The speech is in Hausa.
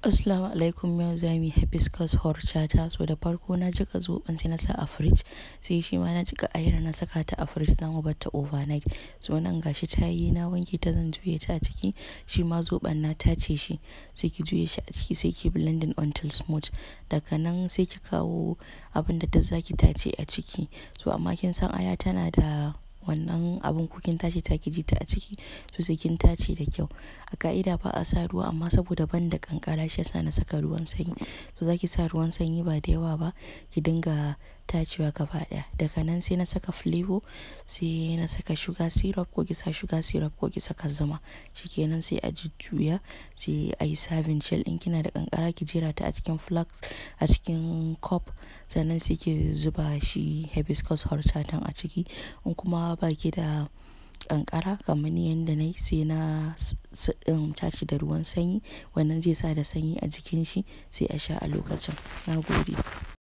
Assalamu alaikum yau za mu yi hibiscus horchata so da farko na jika zoben sai na sa a fridge sai shi ma na jika ayar na saka ta a fridge zan mu ta overnight so nan gashi ta yi na wanke ta zan juye ta a ciki shi ma zoben na tace shi sai ki juye shi a ciki sai ki blending until smooth daga nan sai ki kawo abin da ta zaki tace a ciki so amma kin san aya tana da wannan abin kukin tace ta ji ta a ciki to sai kin tace da kyau a ka'ida ba a sa ruwa amma saboda ban da kankara shi yasa na saka ruwan sanyi to zaki sa ruwan sanyi ba da yawa ba ki dinga tacewa gaba daya daga nan sai na saka flavo sai na saka sugar syrup ko gisa sugar syrup ko kisa saka zuma shikenan sai a jujjuya sai a yi serving shell in kina da kankara ki jera ta a cikin flask a cikin cup sannan sai ki zuba shi hibiscus horsatan a ciki in kuma ba ki da kankara kamar ni yadda na sai na um, tashi da ruwan sanyi wannan zai sa da sanyi a jikin shi sai a sha a lokacin na gode